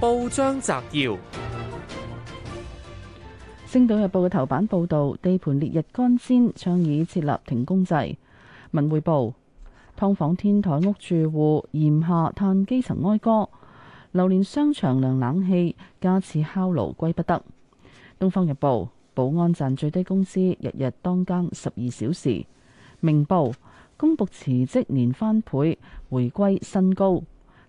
報章摘要：《星島日報》嘅頭版報道，地盤烈日乾煎，倡議設立停工制。《文匯報》劏房天台屋住戶，炎夏嘆基層哀歌。流連商場涼冷氣，家似烤爐，歸不得。《東方日報》保安賺最低工資，日日當更十二小時。《明報》公僕辭職年翻倍，回歸新高。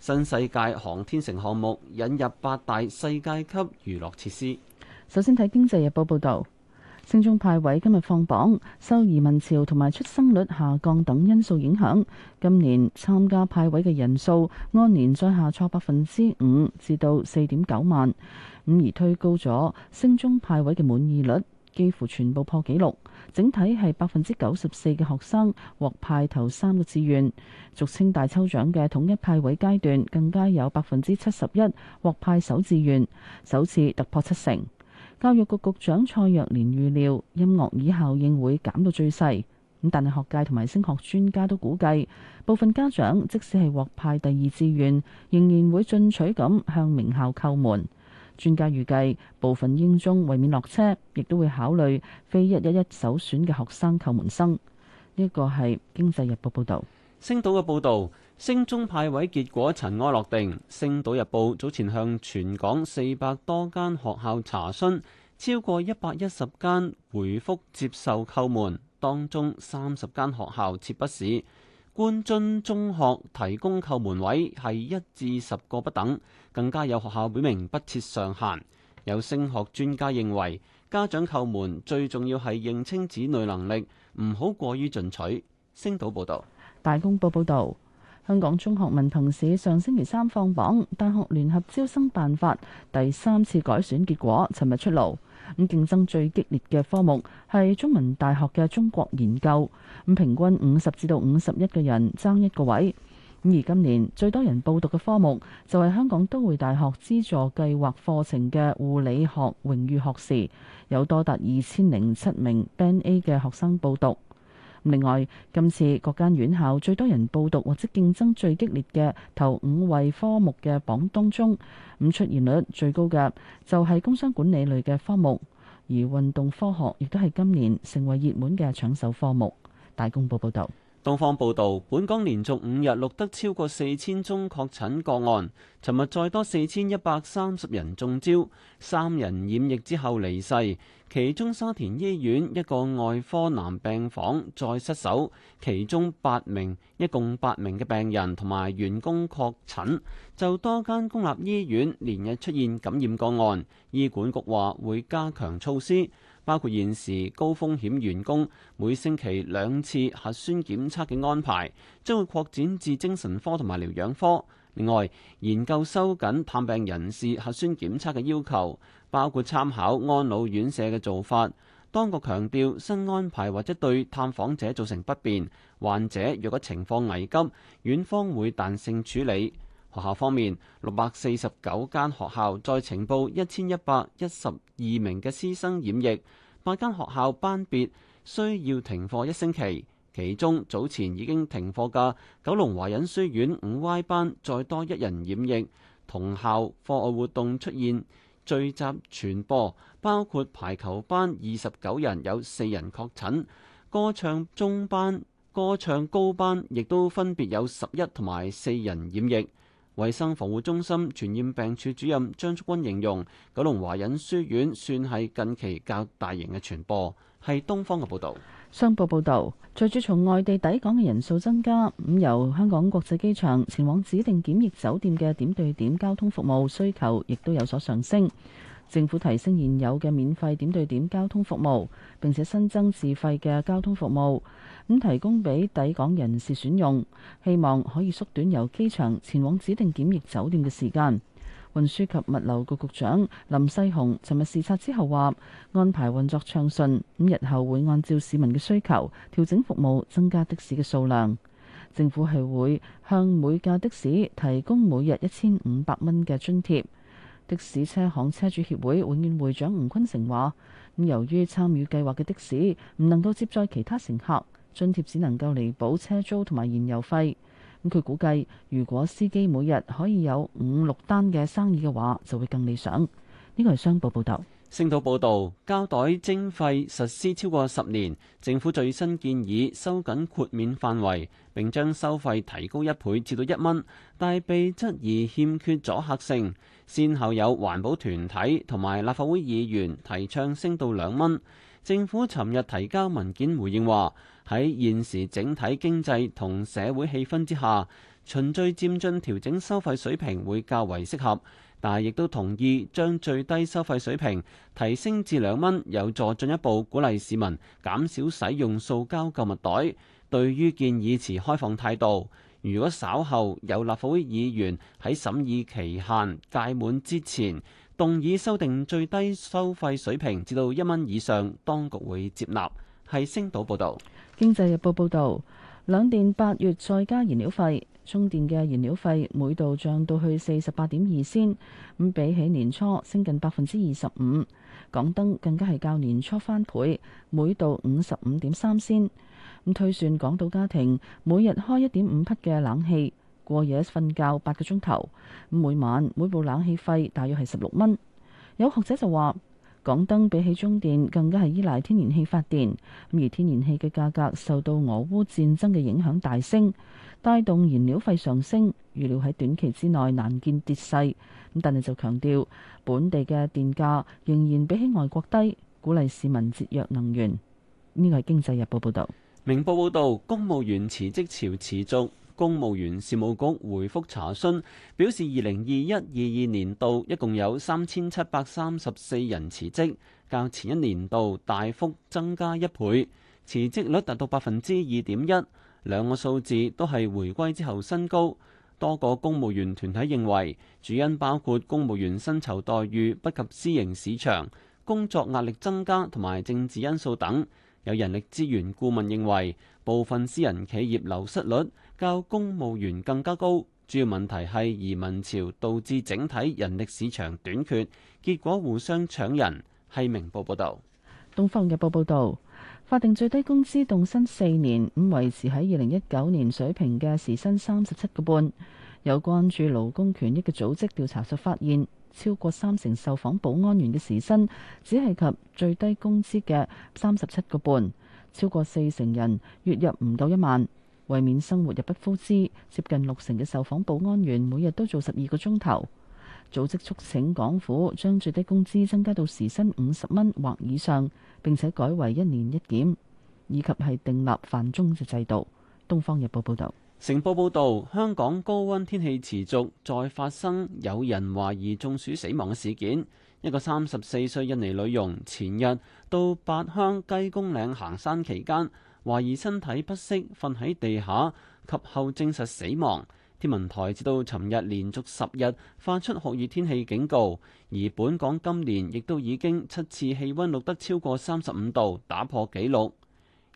新世界航天城項目引入八大世界級娛樂設施。首先睇《經濟日報》報道，升中派位今日放榜，受移民潮同埋出生率下降等因素影響，今年參加派位嘅人數按年再下挫百分之五，至到四點九萬，咁而推高咗升中派位嘅滿意率。幾乎全部破紀錄，整體係百分之九十四嘅學生獲派頭三個志願，俗稱大抽獎嘅統一派位階段更加有百分之七十一獲派首志願，首次突破七成。教育局局長蔡若蓮預料音樂椅效應會減到最細，咁但係學界同埋升學專家都估計，部分家長即使係獲派第二志願，仍然會進取咁向名校叩門。專家預計部分英中為免落車，亦都會考慮非一一一首選嘅學生叩門生。呢個係《經濟日報》報道。星島嘅報道，升中派位結果塵埃落定。星島日報早前向全港四百多間學校查詢，超過一百一十間回覆接受叩門，當中三十間學校撤不市。官津中學提供叩門位係一至十個不等，更加有學校表明不設上限。有升學專家認為，家長叩門最重要係認清子女能力，唔好過於進取。星島報道，大公報報道，香港中學文憑試上星期三放榜，大學聯合招生辦法第三次改選結果尋日出爐。咁競爭最激烈嘅科目係中文大學嘅中國研究，咁平均五十至到五十一個人爭一個位。咁而今年最多人報讀嘅科目就係香港都會大學資助計劃課程嘅護理學榮譽學士，有多達二千零七名 Band A 嘅學生報讀。另外，今次各間院校最多人報讀或者競爭最激烈嘅頭五位科目嘅榜當中，咁出現率最高嘅就係工商管理類嘅科目，而運動科學亦都係今年成為熱門嘅搶手科目。大公報報道。東方報道：本港連續五日錄得超過四千宗確診個案，尋日再多四千一百三十人中招，三人染疫之後離世。其中沙田醫院一個外科男病房再失守，其中八名、一共八名嘅病人同埋員工確診。就多間公立醫院連日出現感染個案，醫管局話會加強措施。包括現時高風險員工每星期兩次核酸檢測嘅安排，將會擴展至精神科同埋療養科。另外，研究收緊探病人士核酸檢測嘅要求，包括參考安老院舍嘅做法。當局強調，新安排或者對探訪者造成不便，患者若果情況危急，院方會彈性處理。學校方面，六百四十九間學校再呈報一千一百一十二名嘅師生染疫，八間學校班別需要停課一星期。其中早前已經停課嘅九龍華仁書院五 Y 班再多一人染疫，同校課外活動出現聚集傳播，包括排球班二十九人有四人確診，歌唱中班、歌唱高班亦都分別有十一同埋四人染疫。衛生防護中心傳染病處主任張竹君形容，九龍華仁書院算係近期較大型嘅傳播。係東方嘅報道。商報報道，隨住從外地抵港嘅人數增加，咁由香港國際機場前往指定檢疫酒店嘅點對點交通服務需求亦都有所上升。政府提升現有嘅免費點對點交通服務，並且新增自費嘅交通服務，咁提供俾抵港人士選用，希望可以縮短由機場前往指定檢疫酒店嘅時間。運輸及物流局局長林世雄尋日視察之後話，安排運作暢順，咁日後會按照市民嘅需求調整服務，增加的士嘅數量。政府係會向每架的士提供每日一千五百蚊嘅津貼。的士車行車主協會永遠會長吳坤成話，由於參與計劃嘅的，的士唔能夠接載其他乘客，津貼只能夠彌補車租同埋燃油費。佢估計，如果司機每日可以有五六單嘅生意嘅話，就會更理想。呢個係商報報道。星島報道，膠袋徵費實施超過十年，政府最新建議收緊豁免範圍，並將收費提高一倍，至到一蚊，但係被質疑欠缺阻嚇性。先後有環保團體同埋立法會議員提倡升到兩蚊，政府尋日提交文件回應話：喺現時整體經濟同社會氣氛之下，循序漸進調整收費水平會較為適合，但係亦都同意將最低收費水平提升至兩蚊，有助進一步鼓勵市民減少使用塑膠購物袋。對於建議，持開放態度。如果稍後有立法會議員喺審議期限屆滿之前動議修訂最低收費水平至到一蚊以上，當局會接納。係星島報道。經濟日報報導，兩電八月再加燃料費，中電嘅燃料費每度漲到去四十八點二仙，咁比起年初升近百分之二十五，港燈更加係較年初翻倍，每度五十五點三仙。咁推算，港島家庭每日開一點五匹嘅冷氣過夜瞓覺八個鐘頭，每晚每部冷氣費大約係十六蚊。有學者就話港燈比起中電更加係依賴天然氣發電，咁而天然氣嘅價格受到俄烏戰爭嘅影響大升，帶動燃料費上升，預料喺短期之內難見跌勢，咁但係就強調本地嘅電價仍然比起外國低，鼓勵市民節約能源。呢個係經濟日報報道。明報報導，公務員辭職潮持續。公務員事務局回覆查詢，表示二零二一二二年度一共有三千七百三十四人辭職，較前一年度大幅增加一倍，辭職率達到百分之二點一。兩個數字都係回歸之後新高。多個公務員團體認為，主因包括公務員薪酬待遇不及私營市場、工作壓力增加同埋政治因素等。有人力資源顧問認為，部分私人企業流失率較公務員更加高。主要問題係移民潮導致整體人力市場短缺，結果互相搶人。係明報報道，東方日報報道法定最低工資凍薪四年，五維持喺二零一九年水平嘅時薪三十七個半。有關注勞工權益嘅組織調查就發現。超過三成受訪保安員嘅時薪只係及最低工資嘅三十七個半，超過四成人月入唔到一萬，為免生活入不敷支，接近六成嘅受訪保安員每日都做十二個鐘頭。組織促請港府將最低工資增加到時薪五十蚊或以上，並且改為一年一檢，以及係訂立泛中嘅制度。《東方日報》報導。成報報導，香港高溫天氣持續，再發生有人懷疑中暑死亡嘅事件。一個三十四歲印尼女傭，前日到八鄉雞公嶺行山期間，懷疑身體不適，瞓喺地下，及後證實死亡。天文台至到尋日連續十日發出酷熱天氣警告，而本港今年亦都已經七次氣溫錄得超過三十五度，打破紀錄。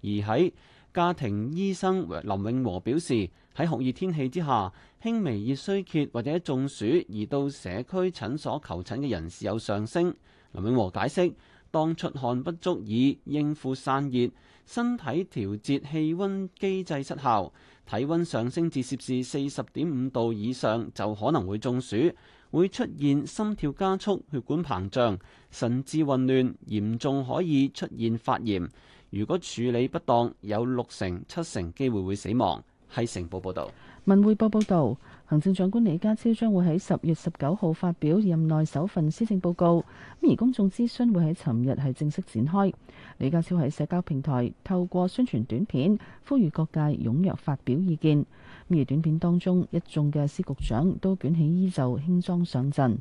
而喺家庭醫生林永和表示，喺酷熱天氣之下，輕微熱衰竭或者中暑而到社區診所求診嘅人士有上升。林永和解釋，當出汗不足以應付散熱，身體調節氣温機制失效，體温上升至攝氏四十點五度以上，就可能會中暑，會出現心跳加速、血管膨脹、神志混亂，嚴重可以出現發炎。如果處理不當，有六成、七成機會會死亡。係成報報道。文匯報報導。行政長官李家超將會喺十月十九號發表任內首份施政報告，咁而公眾諮詢會喺尋日係正式展開。李家超喺社交平台透過宣傳短片，呼籲各界踴躍發表意見。而短片當中，一眾嘅司局長都捲起衣袖，輕裝上陣。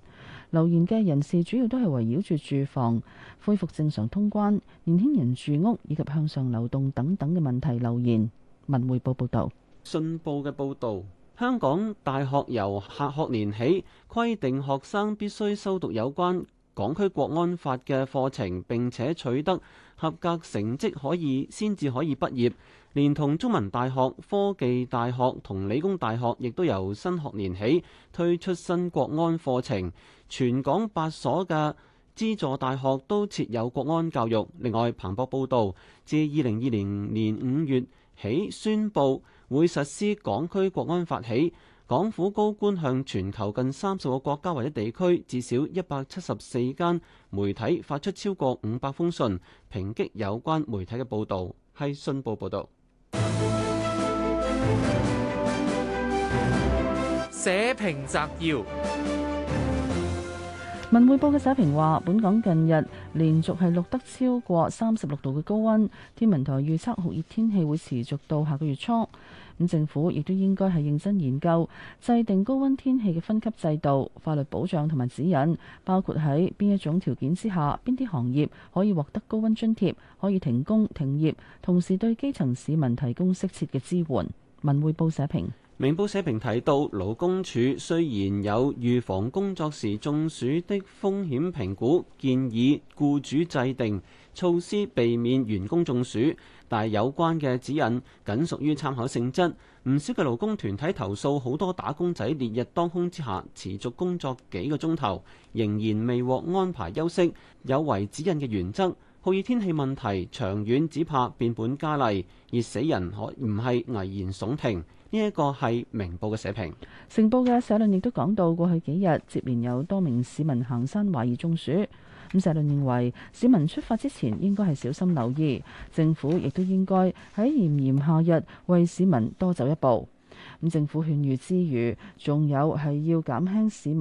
留言嘅人士主要都係圍繞住住房、恢復正常通關、年輕人住屋以及向上流動等等嘅問題留言。文匯報報道：「信報嘅報導。香港大學由下學年起規定學生必須修讀有關港區國安法嘅課程，並且取得合格成績，可以先至可以畢業。連同中文大學、科技大學同理工大學，亦都由新學年起推出新國安課程。全港八所嘅資助大學都設有國安教育。另外，彭博報道，自二零二零年五月起宣布。會實施港區國安法起，港府高官向全球近三十個國家或者地區，至少一百七十四間媒體發出超過五百封信，抨擊有關媒體嘅報道。係信報報道，社評摘要》。文匯報嘅社評話，本港近日連續係錄得超過三十六度嘅高溫，天文台預測酷熱天氣會持續到下個月初。咁政府亦都應該係認真研究，制定高溫天氣嘅分級制度、法律保障同埋指引，包括喺邊一種條件之下，邊啲行業可以獲得高溫津貼，可以停工停業，同時對基層市民提供適切嘅支援。文匯報社評。明報社評提到，勞工處雖然有預防工作時中暑的風險評估建議，雇主制定措施避免員工中暑，但有關嘅指引僅屬於參考性質。唔少嘅勞工團體投訴，好多打工仔烈日當空之下持續工作幾個鐘頭，仍然未獲安排休息，有違指引嘅原則。酷熱天氣問題長遠只怕變本加厲，熱死人可唔係危言聳聽。呢一個係明報嘅社評，成報嘅社論亦都講到過去幾日接連有多名市民行山懷疑中暑，咁社論認為市民出發之前應該係小心留意，政府亦都應該喺炎炎夏日為市民多走一步。咁政府勸喻之餘，仲有係要減輕市民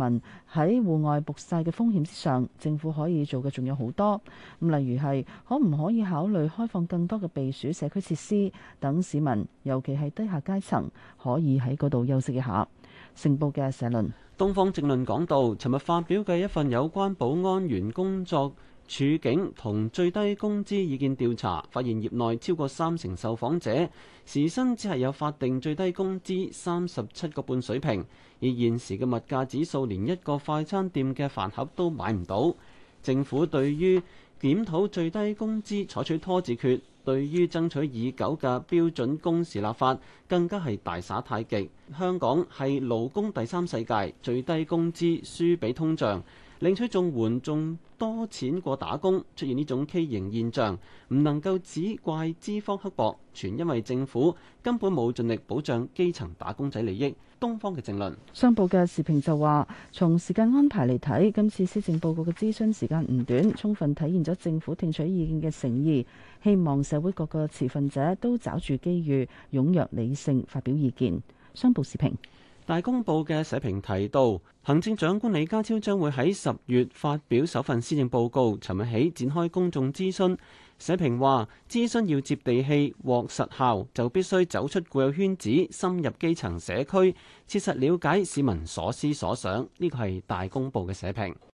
喺戶外曝曬嘅風險之上，政府可以做嘅仲有好多。咁例如係可唔可以考慮開放更多嘅避暑社區設施，等市民，尤其係低下階層，可以喺嗰度休息一下。成報嘅社論、東方正論講到，尋日發表嘅一份有關保安員工作處境同最低工資意見調查發現，業內超過三成受訪者時薪只係有法定最低工資三十七個半水平，而現時嘅物價指數連一個快餐店嘅飯盒都買唔到。政府對於檢討最低工資採取拖字訣，對於爭取已久嘅標準工時立法更加係大耍太極。香港係勞工第三世界，最低工資輸俾通脹。領取綜援仲多錢過打工，出現呢種畸形現象，唔能夠只怪資方刻薄，全因為政府根本冇盡力保障基層打工仔利益。東方嘅政論，商報嘅時評就話：從時間安排嚟睇，今次施政報告嘅諮詢時間唔短，充分體現咗政府聽取意見嘅誠意。希望社會各個持份者都抓住機遇，踴躍理性發表意見。商報時評。大公報嘅社評提到，行政長官李家超將會喺十月發表首份施政報告，尋日起展開公眾諮詢。社評話，諮詢要接地氣、獲實效，就必須走出固有圈子，深入基層社區，切實了解市民所思所想。呢個係大公報嘅社評。